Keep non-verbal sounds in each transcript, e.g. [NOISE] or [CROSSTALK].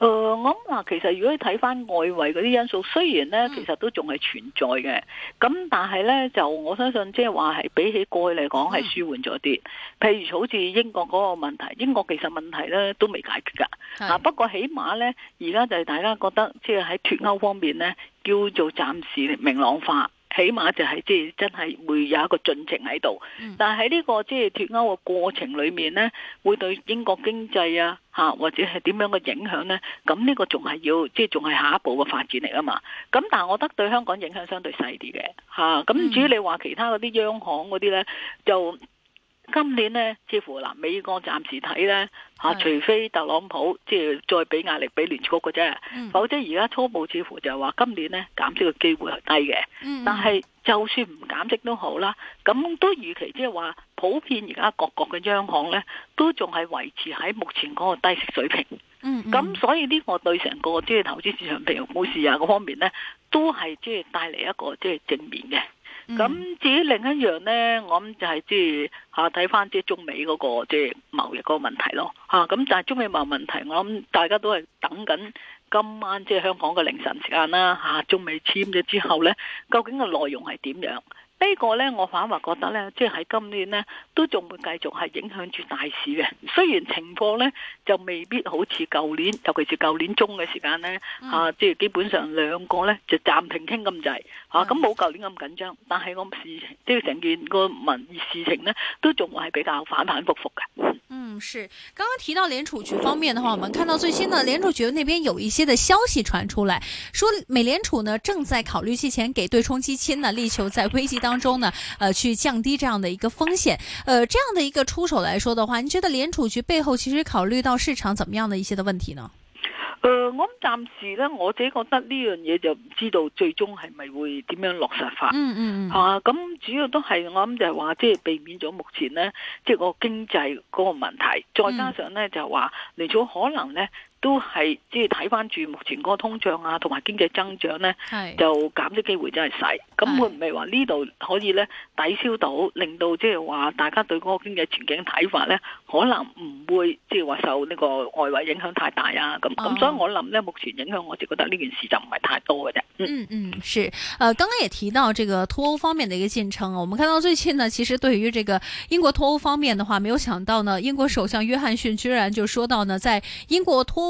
誒，我諗嗱，其實如果你睇翻外圍嗰啲因素，雖然咧其實都仲係存在嘅，咁但係咧就我相信，即係話係比起過去嚟講係舒緩咗啲。譬如好似英國嗰個問題，英國其實問題咧都未解決㗎，不過起碼咧而家就係大家覺得，即係喺脱歐方面咧叫做暫時明朗化。起碼就係即係真係會有一個進程喺度，但係呢、這個即係脫歐嘅過程裏面呢，會對英國經濟啊吓或者係點樣嘅影響呢？咁呢個仲係要即係仲係下一步嘅發展嚟啊嘛。咁但係我覺得對香港影響相對細啲嘅吓。咁、啊、至於你話其他嗰啲央行嗰啲呢，就。今年咧，似乎嗱，美國暫時睇咧，吓，除非特朗普即係再俾壓力俾聯儲局嘅啫，否則而家初步似乎就係話今年咧減息嘅機會係低嘅，嗯嗯。但係就算唔減息也好那都好啦，咁都預期即係話，普遍而家各國嘅央行咧，都仲係維持喺目前嗰個低息水平。嗯，嗯，咁所以呢個對成個即係投資市場，譬如股市啊嗰方面咧，都係即係帶嚟一個即係正面嘅。咁、嗯、至於另一樣呢，我諗就係即係睇翻即係中美嗰、那個即係、就是、貿易嗰個問題咯咁、啊、但係中美貿易問題，我諗大家都係等緊今晚即係、就是、香港嘅凌晨時間啦、啊、中美簽咗之後呢，究竟個內容係點樣？呢、這個呢，我反而覺得呢，即係喺今年呢，都仲會繼續係影響住大市嘅。雖然情況呢，就未必好似舊年，尤其是舊年中嘅時間呢，嗯、啊，即係基本上兩個呢，就暫停傾咁滯，吓咁冇舊年咁緊張。但係咁事即係成件個民事情呢，都仲會係比較反反复复嘅。嗯，是。剛剛提到聯儲局方面嘅話，我們看到最新呢，聯儲局那邊有一些嘅消息傳出嚟，說美聯儲呢正在考慮借錢給對沖基金呢，力求在危機當中。當中呢，呃，去降低這樣的一個風險，呃，這樣的一個出手來說的話，你覺得聯儲局背後其實考慮到市場怎麼樣的一些的問題呢？呃，我諗暫時呢，我自己覺得呢樣嘢就唔知道最終係咪會點樣落實法。嗯嗯。吓，啊，咁主要都係我諗就係話，即係避免咗目前呢，即係個經濟嗰個問題，再加上呢，嗯，就係話嚟咗可能呢。都係即係睇翻住目前嗰個通脹啊，同埋經濟增長呢，就減咗機會真係細。咁會唔係話呢度可以呢抵消到，令到即係話大家對嗰個經濟前景嘅睇法呢，可能唔會即係話受呢個外圍影響太大啊。咁、哦、咁，所以我諗呢，目前影響我哋覺得呢件事就唔係太多嘅啫。嗯嗯，嗯，是。誒、呃，剛剛也提到這個脫歐方面嘅一個進程，我們看到最近呢，其實對於這個英國脫歐方面嘅話，沒有想到呢，英國首相約翰遜居然就說到呢，在英國脫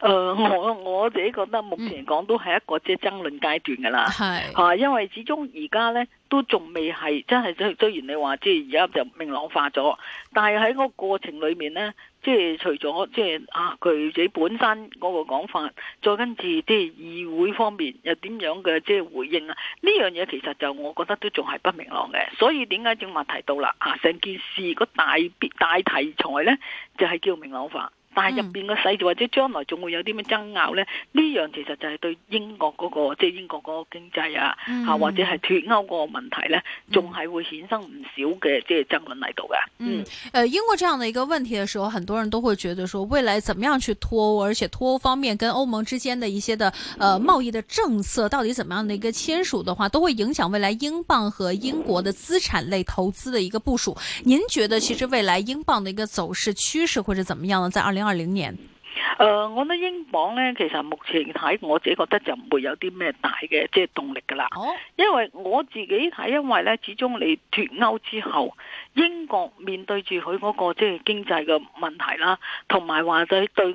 誒、嗯、我、嗯、我自己覺得目前講都係一個即係爭論階段噶啦，係吓，因為始終而家咧都仲未係真係即係雖然你話即係而家就明朗化咗，但係喺個過程裏面咧，即係除咗即係啊佢自己本身嗰個講法，再跟住即係議會方面又點樣嘅即係回應啊？呢樣嘢其實就我覺得都仲係不明朗嘅，所以點解正話提到啦吓，成、啊、件事個大大題材咧就係、是、叫明朗化。嗯、但係入邊嘅細節或者將來仲會有啲咩爭拗呢？呢樣其實就係對英國嗰、那個即係、就是、英國嗰個經濟啊，吓、嗯、或者係脫歐個問題呢，仲係會衍生唔少嘅即係爭論喺度嘅。嗯，誒、嗯呃，英國這樣的一個問題嘅時候，很多人都會覺得說未來怎麼樣去脫歐，而且脫歐方面跟歐盟之間的一些的誒貿、呃、易的政策到底怎麼樣的一個簽署的話，都會影響未來英鎊和英國的資產類投資的一個部署。您覺得其實未來英鎊的一個走勢趨勢或者怎麼樣呢？在二零。二零年，誒、呃，我得英鎊咧，其實目前睇，我自己覺得就唔會有啲咩大嘅即係動力噶啦、哦，因為我自己睇，因為咧，始終你脫歐之後。英國面對住佢嗰個即係經濟嘅問題啦，同埋話對對外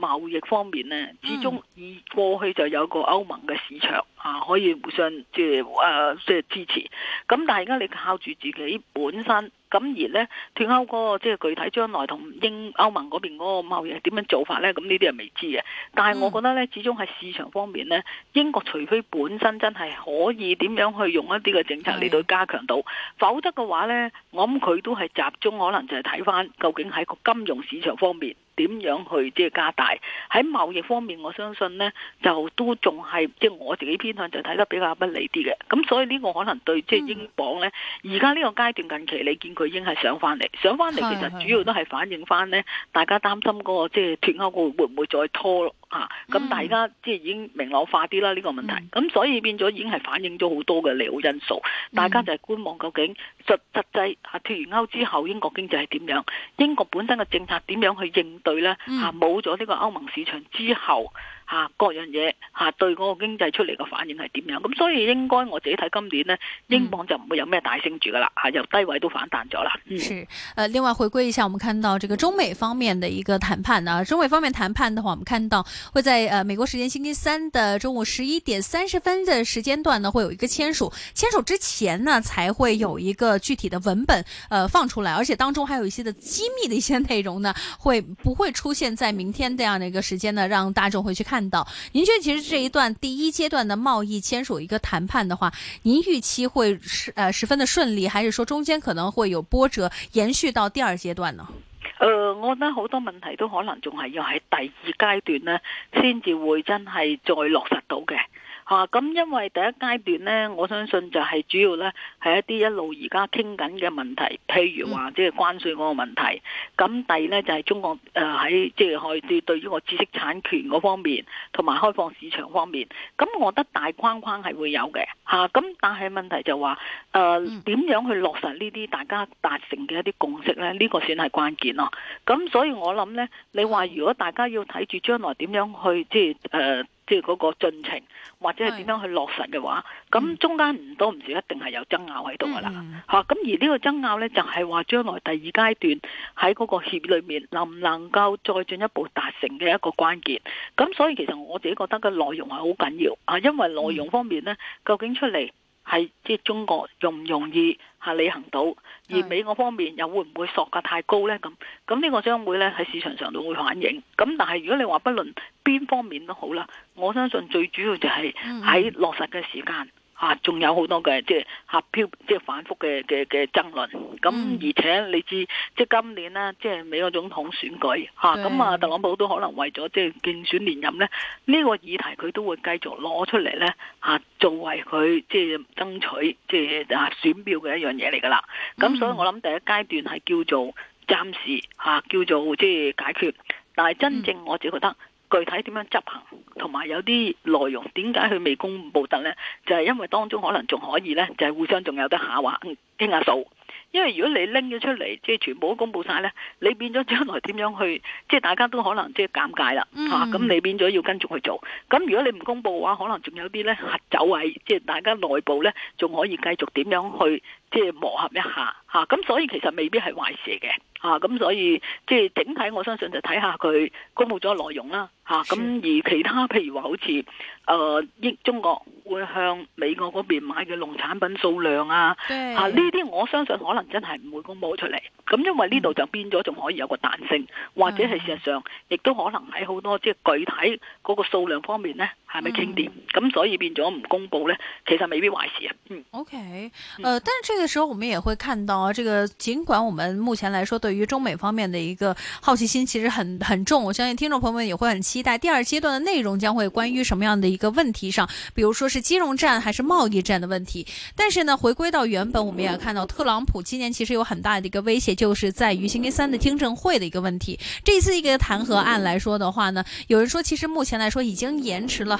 貿易方面呢，始終以過去就有一個歐盟嘅市場，mm. 啊，可以互相即係誒即係支持。咁但係而家你靠住自己本身，咁而呢脱歐嗰個即係具體將來同英歐盟嗰邊嗰個貿易係點樣做法呢？咁呢啲係未知嘅。但係我覺得呢，始終喺市場方面呢，英國除非本身真係可以點樣去用一啲嘅政策嚟到加強到，mm. 否則嘅話呢。我。咁佢都係集中，可能就係睇翻究竟喺個金融市場方面點樣去，即係加大喺貿易方面，我相信呢就都仲係即係我自己偏向就睇得比較不利啲嘅。咁所以呢個可能對即係英鎊呢，而家呢個階段近期你見佢已經係上翻嚟，上翻嚟其實主要都係反映翻呢，大家擔心嗰個即係脫歐會會唔會再拖。啊，咁大家即係已經明朗化啲啦，呢、呢個問題，咁、嗯、所以變咗已經係反映咗好多嘅利好因素，嗯，大家就係觀望究竟實實際脫完歐之後英國經濟係點樣，英國本身嘅政策點樣去應對呢？吓，冇咗呢個歐盟市場之後。吓各樣嘢吓對嗰個經濟出嚟嘅反應係點樣咁，所以應該我自己睇今年呢，英鎊就唔會有咩大升住㗎喇吓，由低位都反彈咗啦。嗯，是，呃，另外回歸一下，我們看到這個中美方面的一個談判啊，中美方面談判的話，我們看到會在呃美國時間星期三的中午十一點三十分的時間段呢，會有一個簽署，簽署之前呢，才會有一個具體的文本，呃，放出來，而且當中還有一些的機密的一些內容呢，會不會出現在明天這樣的一個時間呢，讓大眾會去看？看到，您覺得其實這一段第一階段的貿易簽署一個談判的話，您預期會是呃十分的順利，還是說中間可能會有波折，延續到第二階段呢？呃，我覺得好多問題都可能仲係要喺第二階段呢先至會真係再落實到嘅。吓、啊、咁，因為第一階段咧，我相信就係主要咧係一啲一路而家傾緊嘅問題，譬如話即係關稅嗰個問題。咁第二咧就係、是、中國誒喺即係對對於個知識產權嗰方面，同埋開放市場方面。咁我覺得大框框係會有嘅吓。咁、啊、但係問題就話誒點樣去落實呢啲大家達成嘅一啲共識咧？呢、這個算係關鍵咯。咁所以我諗咧，你話如果大家要睇住將來點樣去即係誒？呃即係嗰個進程，或者係點樣去落實嘅話，咁中間唔多唔少一定係有爭拗喺度噶啦嚇。咁、嗯啊、而呢個爭拗呢，就係、是、話將來第二階段喺嗰個協裏面，能唔能夠再進一步達成嘅一個關鍵。咁所以其實我自己覺得個內容係好緊要啊，因為內容方面呢，究竟出嚟。係即係中國容唔容易吓履行到，而美國方面又會唔會索價太高呢？咁咁呢個將會咧喺市場上都會反映。咁但係如果你話不論邊方面都好啦，我相信最主要就係喺落實嘅時間。啊，仲有好多嘅即係啊飄，即係反覆嘅嘅嘅爭論。咁、嗯、而且你知，即係今年呢，即係美國總統選舉，吓咁啊，特朗普都可能為咗即係競選連任咧，呢、這個議題佢都會繼續攞出嚟咧，吓作為佢即係爭取即係啊選票嘅一樣嘢嚟噶啦。咁、嗯、所以我諗第一階段係叫做暫時吓，叫做即係解決。但係真正我自己覺得。嗯嗯具體點樣執行，同埋有啲內容點解佢未公布得呢？就係因為當中可能仲可以呢，就係互相仲有得下話。傾下數，因為如果你拎咗出嚟，即係全部都公布晒咧，你變咗將來點樣去，即係大家都可能即係尷尬啦，吓，mm-hmm，咁你變咗要跟住去做。咁如果你唔公布嘅話，可能仲有啲咧核走位，即係大家內部咧仲可以繼續點樣去，即係磨合一下，吓，咁所以其實未必係壞事嘅，吓，咁所以即係整體我相信就睇下佢公布咗內容啦，吓，咁而其他譬如話好似。誒、呃，中國會向美國嗰邊買嘅農產品數量啊，啊呢啲我相信可能真係唔會公佈出嚟，咁因為呢度就變咗，仲可以有個彈性，或者係事實上，亦都可能喺好多即係、就是、具體嗰個數量方面呢。還沒傾掂，咁、嗯、所以變咗唔公布呢，其實未必壞事啊。嗯，OK，呃，但是這個時候，我們也會看到，這個儘管我們目前來說對於中美方面的一個好奇心其實很很重，我相信聽眾朋友們也會很期待第二階段的內容將會關於什麼樣的一個問題上，比如說是金融戰還是貿易戰的問題。但是呢，回歸到原本，我們也看到特朗普今年其實有很大的一個威脅，就是在於星期三的聽證會的一個問題。這次一個彈劾案來說的話呢，有人說其實目前來說已經延遲了。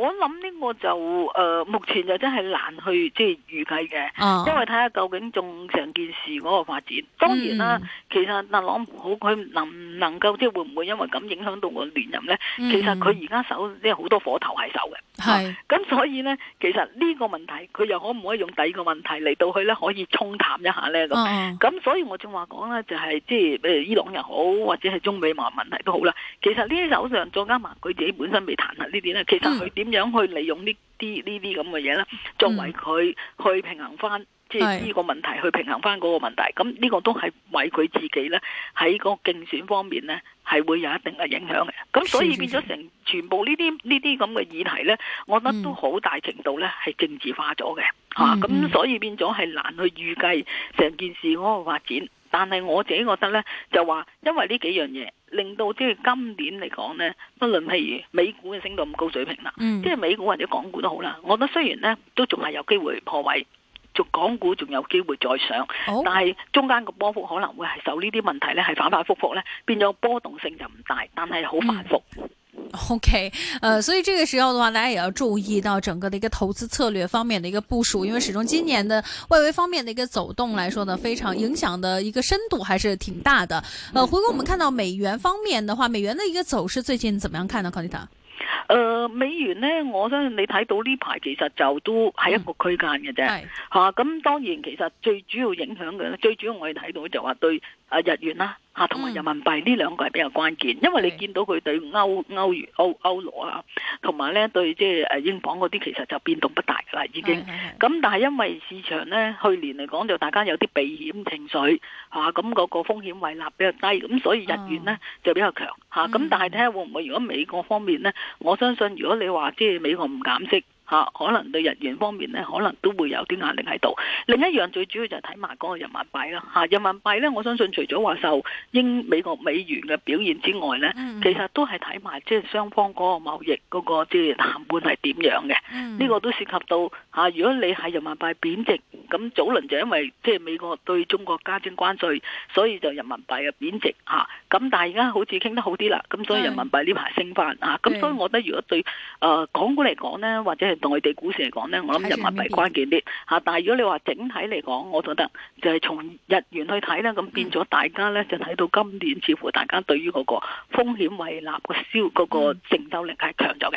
我諗呢個就誒、呃，目前就真係難去即係預計嘅，uh, 因為睇下究竟仲成件事嗰個發展。當然啦、啊嗯，其實特朗普佢能唔能夠即係會唔會因為咁影響到我的連任咧、嗯？其實佢而家手即係好多火頭喺手嘅。係咁，啊、所以咧，其實呢個問題，佢又可唔可以用第二個問題嚟到去咧，可以沖淡一下咧咁。咁、uh, 所以我正話講咧，就係即係誒，比如伊朗又好，或者係中美貿問題都好啦。其實呢啲手上仲加埋佢自己本身未彈劾呢啲咧，其實佢點樣去利用、嗯、呢啲呢啲咁嘅嘢咧，作為佢去平衡翻即係呢個問題，去平衡翻嗰個問題，咁呢個都係為佢自己咧喺個競選方面咧係會有一定嘅影響嘅。咁所以變咗成全部呢啲呢啲咁嘅議題咧，我覺得都好大程度咧係政治化咗嘅、嗯。啊，咁所以變咗係難去預計成件事嗰個發展。但係我自己覺得呢，就話因為呢幾樣嘢，令到即係今年嚟講呢，不論譬如美股嘅升到咁高水平啦，嗯，即係美股或者港股都好啦，我覺得雖然呢都仲係有機會破位，港股仲有機會再上，但係中間個波幅可能會係受呢啲問題呢係反反覆覆呢，變咗波動性就唔大，但係好繁複。嗯。OK，呃，所以這個時候的話，大家也要注意到整個的一個投資策略方面的一個部署，因為始終今年的外圍方面的一個走動來說呢，非常影響的一個深度還是挺大的。呃，回顧我們看到美元方面的話，美元的一個走勢最近怎麼樣看呢，康尼塔？呃，美元呢，我相信你睇到呢排其實就都係一個區間嘅啫，吓、嗯，咁、啊啊、當然其實最主要影響嘅咧，最主要我哋睇到就話對啊日元啦、啊。啊，同埋人民幣呢兩個係比較關鍵，嗯、因為你見到佢對歐歐元歐歐羅啊，同埋咧對即係誒英鎊嗰啲其實就變動不大啦已經。咁但係因為市場咧去年嚟講就大家有啲避險情緒咁嗰、啊那個風險胃納比較低，咁所以日元咧、嗯、就比較強咁、啊、但係睇下會唔會如果美國方面咧，我相信如果你話即係美國唔減息。可能對日圓方面咧，可能都會有啲壓力喺度。另一樣最主要就係睇埋嗰個人民幣啦。人民幣咧，我相信除咗話受英美國美元嘅表現之外咧，mm -hmm. 其實都係睇埋即係雙方嗰個貿易嗰個即係談判係點樣嘅。呢、mm -hmm. 個都涉及到如果你係人民幣貶值，咁早輪就因為即係美國對中國加徵關稅，所以就人民幣嘅貶值咁、啊、但係而家好似傾得好啲啦，咁所以人民幣呢排升翻咁、mm -hmm. 啊、所以我覺得如果對港股嚟講咧，或者係內地股市嚟講咧，我諗人民幣關鍵啲嚇，但係如果你話整體嚟講，我覺得就係從日元去睇咧，咁變咗大家咧就睇到今年似乎大家對於嗰個風險維納的、那個消嗰個承受力係強咗嘅。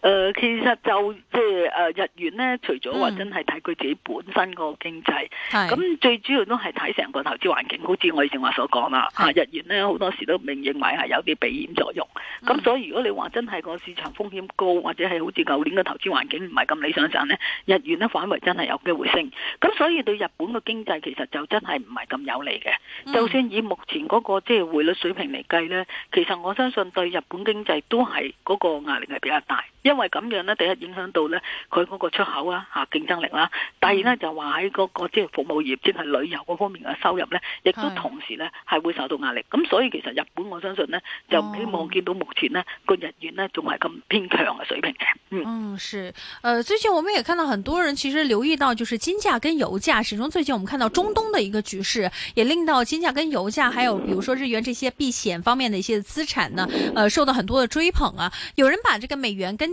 誒、呃，其實就即係誒，日元咧，除咗話真係睇佢自己本身個經濟，咁、嗯、最主要都係睇成個投資環境。好似我以前話所講啦，吓日元咧，好多時都唔認為係有啲避險作用。咁、嗯、所以如果你話真係個市場風險高，或者係好似舊年嘅投資環境唔係咁理想陣咧，日元咧反為真係有機會升。咁所以對日本嘅經濟其實就真係唔係咁有利嘅、嗯。就算以目前嗰個即係匯率水平嚟計咧，其實我相信對日本經濟都係嗰個壓力係比較大。因為咁樣呢，第一影響到呢，佢嗰個出口啊，吓競爭力啦；第二呢，就話喺嗰個即係服務業，即係旅遊嗰方面嘅收入呢，亦都同時呢係會受到壓力。咁所以其實日本我相信呢，就唔希望見到目前呢個日元呢，仲係咁偏強嘅水平嘅、哦。嗯，是，最近我們也看到很多人其實留意到，就是金價跟油價，始終最近我們看到中東的一個局勢，也令到金價跟油價，還有比如說日元這些避險方面的一些資產呢，呃、受到很多嘅追捧啊。有人把這個美元跟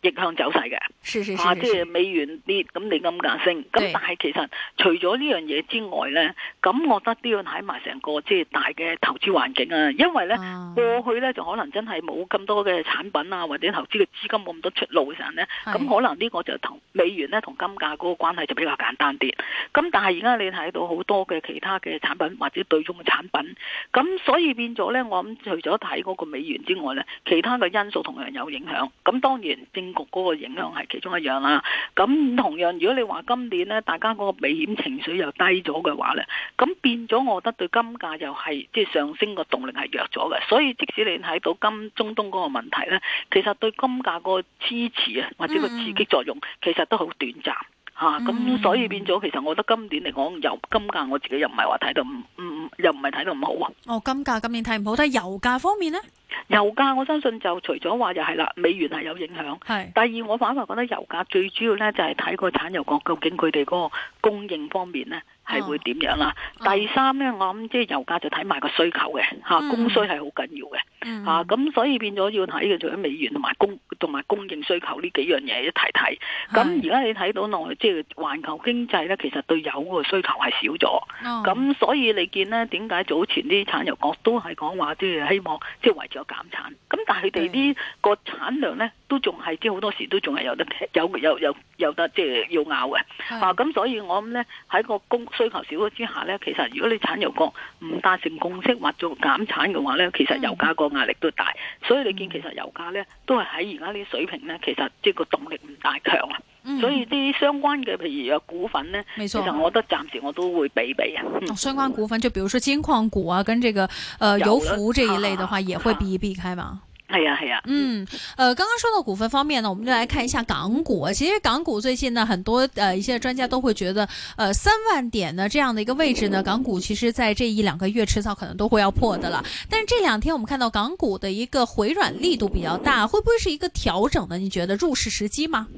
逆向走勢嘅，是是是是是啊，即係美元跌，咁你金價升。咁但係其實除咗呢樣嘢之外咧，咁我覺得都要睇埋成個即係大嘅投資環境啊。因為咧、嗯、過去咧就可能真係冇咁多嘅產品啊，或者投資嘅資金冇咁多出路嘅時候咧，咁可能呢個就同美元咧同金價嗰個關係就比較簡單啲。咁但係而家你睇到好多嘅其他嘅產品或者對沖嘅產品，咁所以變咗咧，我諗除咗睇嗰個美元之外咧，其他嘅因素同樣有影響。咁當然。政局嗰個影響係其中一樣啦。咁同樣，如果你話今年呢，大家嗰個避險情緒又低咗嘅話呢，咁變咗，我覺得對金價又係即係上升個動力係弱咗嘅。所以即使你睇到金中東嗰個問題咧，其實對金價嗰個支持啊或者個刺激作用，嗯嗯其實都好短暫嚇。咁、嗯嗯啊、所以變咗，其實我覺得今年嚟講，由金價我自己又唔係話睇到唔又唔係睇到咁好啊。哦，金價今年睇唔好，睇油價方面呢。油價，我相信就除咗話就係啦，美元係有影響。係。第二，我反而覺得油價最主要咧就係睇個產油國究竟佢哋嗰個供應方面咧。係會點樣啦、哦哦？第三咧，我諗即係油價就睇埋個需求嘅，吓、嗯、供需係好緊要嘅，吓、嗯、咁、啊、所以變咗要睇嘅就喺美元同埋供同埋供應需求呢幾樣嘢一齊睇。咁而家你睇到內即係環球經濟咧，其實對油個需求係少咗，咁、嗯、所以你見咧點解早前啲產油國都係講話即係希望即係維持個減產，咁但係佢哋啲個產量咧？嗯都仲係即好多時都仲係有得有有有有得即係要拗嘅，啊咁所以我諗咧喺個供需求少咗之下咧，其實如果你產油國唔達成共識或做減產嘅話咧，其實油價個壓力都大。嗯、所以你見其實油價咧都係喺而家呢啲水平咧，其實即係個動力唔大強啊。嗯、所以啲相關嘅譬如股份咧，其實我覺得暫時我都會避避啊。相關股份就比如說鉛礦股啊，跟這個、呃、油服這一類嘅話、啊，也會避一避開嘛。啊啊係呀係呀，嗯，呃，剛剛說到股份方面呢，我們就來看一下港股。其實港股最近呢，很多呃一些專家都會覺得，呃，三萬點呢這樣的一個位置呢，港股其實，在這一兩個月，遲早可能都會要破的了。但是這兩天我們看到港股的一個回軟力度比較大，會不會是一個調整呢？你覺得入市時機嗎？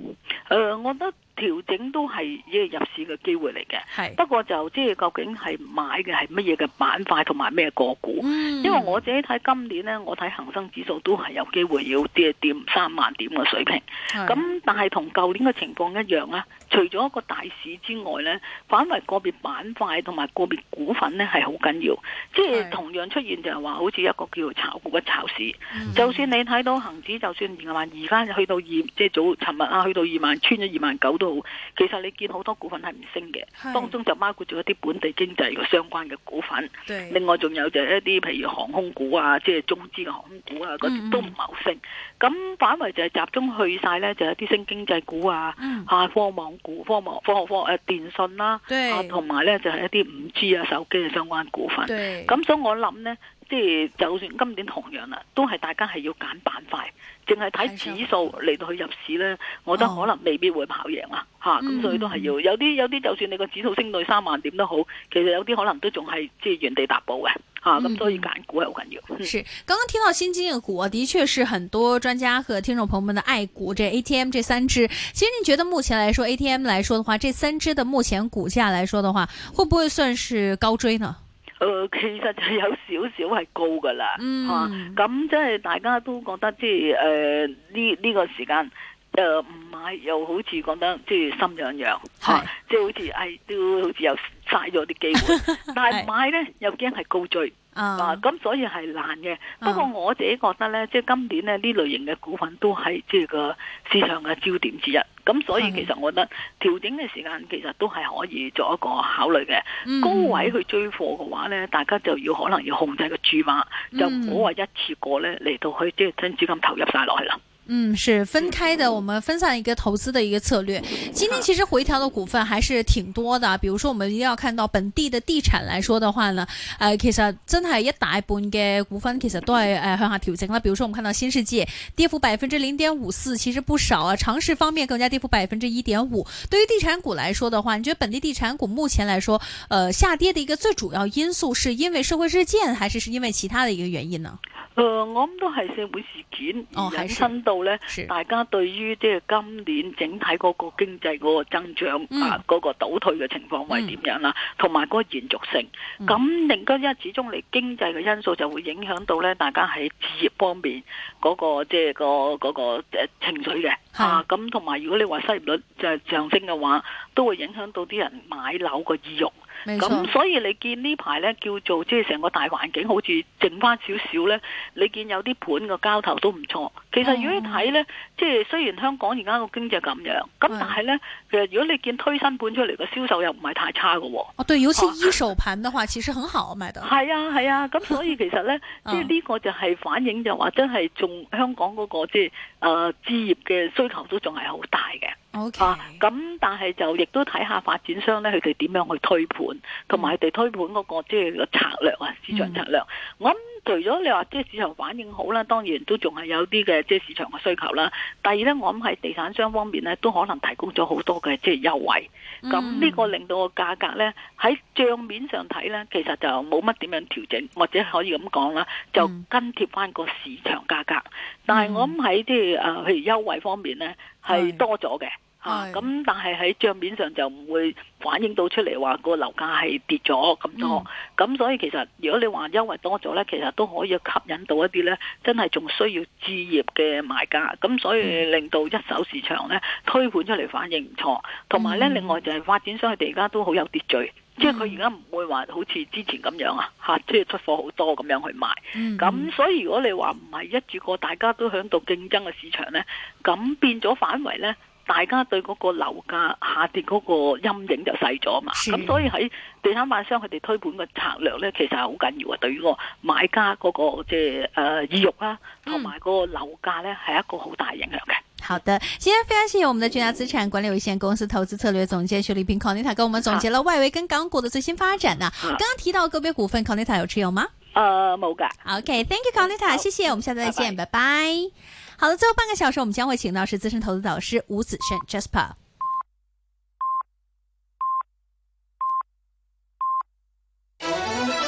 呃，我都。調整都係一個入市嘅機會嚟嘅，不過就即係究竟係買嘅係乜嘢嘅板塊同埋咩個股、嗯？因為我自己睇今年呢，我睇恒生指數都係有機會要跌點三萬點嘅水平。咁但係同舊年嘅情況一樣啦，除咗一個大市之外呢，反為個別板塊同埋個別股份呢係好緊要。即、就、係、是、同樣出現就係話，好似一個叫做炒股嘅炒市、嗯。就算你睇到恒指，就算二萬，而家去到二即係早尋日啊，就是、去到二萬穿咗二萬九都。其實你見好多股份係唔升嘅，當中就包括咗一啲本地經濟嘅相關嘅股份。另外仲有就係一啲譬如航空股啊，即、就、係、是、中資嘅航空股啊，嗰、嗯、啲、嗯、都唔係好升。咁反為就係集中去晒呢，就係一啲升經濟股啊，吓、嗯啊、科網股、科網、科科誒、啊、電信啦、啊，啊同埋呢就係一啲五 G 啊手機嘅相關股份。咁所以我諗呢。即係就算今年同樣啦，都係大家係要揀板塊，淨係睇指數嚟到去入市呢，我覺得可能未必會跑贏啦，吓、哦、咁、啊、所以都係要有啲有啲就算你個指數升到三萬點都好，其實有啲可能都仲係即係原地踏步嘅，吓、啊、咁所以揀股係好緊要、嗯嗯。是，剛剛聽到新經濟嘅股、啊，的確是很多專家和聽眾朋友們的愛股，這 A T M 這三隻，其實你覺得目前來說 A T M 來說的話，這三隻的目前股價來說的話，會不會算是高追呢？誒、呃，其實就有少少係高噶啦，嗯，咁即係大家都覺得即係誒，呢呢個時間誒唔買，又好似講得即係、就是、心癢癢，吓即係好似誒、哎、都好似又嘥咗啲機會， [LAUGHS] 但係買咧又驚係高追。Uh, 啊，咁所以係難嘅。Uh, 不過我自己覺得咧，即係今年咧，呢這類型嘅股份都係即係個市場嘅焦點之一。咁所以其實我覺得調整嘅時間其實都係可以作一個考慮嘅。高位去追貨嘅話咧，um, 大家就要可能要控制個注碼，um, 就唔好話一次過咧嚟到去即係將資金投入晒落去啦。嗯，是分開的，我們分散一個投資的一個策略。今天其實回調的股份還是挺多的啊，比如說我們一定要看到本地的地產來說的話呢，呃，其實真係一大半嘅股份其實都係誒向下調整。那比如說我們看到新世界跌幅百分之零點五四，其實不少啊。長實方面更加跌幅百分之一點五。對於地產股來說的話，你覺得本地地產股目前來說，呃，下跌的一個最主要因素是因為社會事件，還是是因為其他的一個原因呢？呃，我們都係社會是事件哦，還是深度？咧，大家對於即係今年整體嗰個經濟嗰個增長、嗯、啊，嗰、嗰個倒退嘅情況係點樣啦？同埋嗰個延續性，咁應該因為始終你經濟嘅因素就會影響到咧，大家喺事業方面嗰、嗰個即係、就是那個那個、情緒嘅。啊，咁同埋如果你話失業率就係上升嘅話，都會影響到啲人買樓嘅意欲。咁所以你見呢排呢，叫做即係成個大環境好似剩翻少少呢。你見有啲盤個交投都唔錯。其實如果你睇呢，即、嗯、係雖然香港而家個經濟咁樣，咁但係呢，其實如果你見推新盤出嚟個銷售又唔係太差嘅喎。哦，對，尤其一手盤嘅話、啊，其實很好賣嘅。係啊，係啊，咁、啊、所以其實呢，即係呢個就係反映就話真係仲香港嗰、那個即係誒置業嘅求都仲係好大嘅。啊，咁但係就亦都睇下發展商咧，佢哋點樣去推盤，同埋佢哋推盤嗰、那個即係、就是、個策略啊，市場策略。我諗、嗯。除咗你話即係市場反應好啦，當然都仲係有啲嘅即係市場嘅需求啦。第二咧，我諗喺地產商方面咧，都可能提供咗好多嘅即係優惠。咁、嗯、呢個令到個價格咧喺賬面上睇咧，其實就冇乜點樣調整，或者可以咁講啦，就跟貼翻個市場價格。嗯、但係我諗喺即係誒，譬如優惠方面咧，係多咗嘅。咁、啊、但係喺賬面上就唔會反映到出嚟話個樓價係跌咗咁多，咁、嗯、所以其實如果你話優惠多咗呢，其實都可以吸引到一啲呢真係仲需要置業嘅買家，咁所以令到一手市場呢推盤出嚟反應唔錯，同埋呢、嗯，另外就係發展商佢哋而家都好有秩序，即係佢而家唔會話好似之前咁樣啊吓，即係出貨好多咁樣去賣，咁、嗯、所以如果你話唔係一住個大家都響度競爭嘅市場呢，咁變咗反圍呢。大家對嗰個樓價下跌嗰個陰影就細咗嘛？咁、嗯、所以喺地產賣商佢哋推盤嘅策略咧，其實係好緊要嘅，對於個買家嗰、那個即係誒意欲啦，同埋嗰個樓價咧係一個好大影響嘅。好的，今天非常謝謝我們的巨溢資產管理有限公司投資策略總監熊麗萍 Conita 跟我們總結了外圍跟港股的最新發展啊！剛、嗯、剛提到個別股份 Conita、嗯、有持有嗎？誒冇㗎。OK，thank、okay, you Conita，、嗯、謝謝。我們下次再見，拜拜。拜拜。好的，最後半個小時，我們將會請到是資深投資導師吳子軒 Jasper。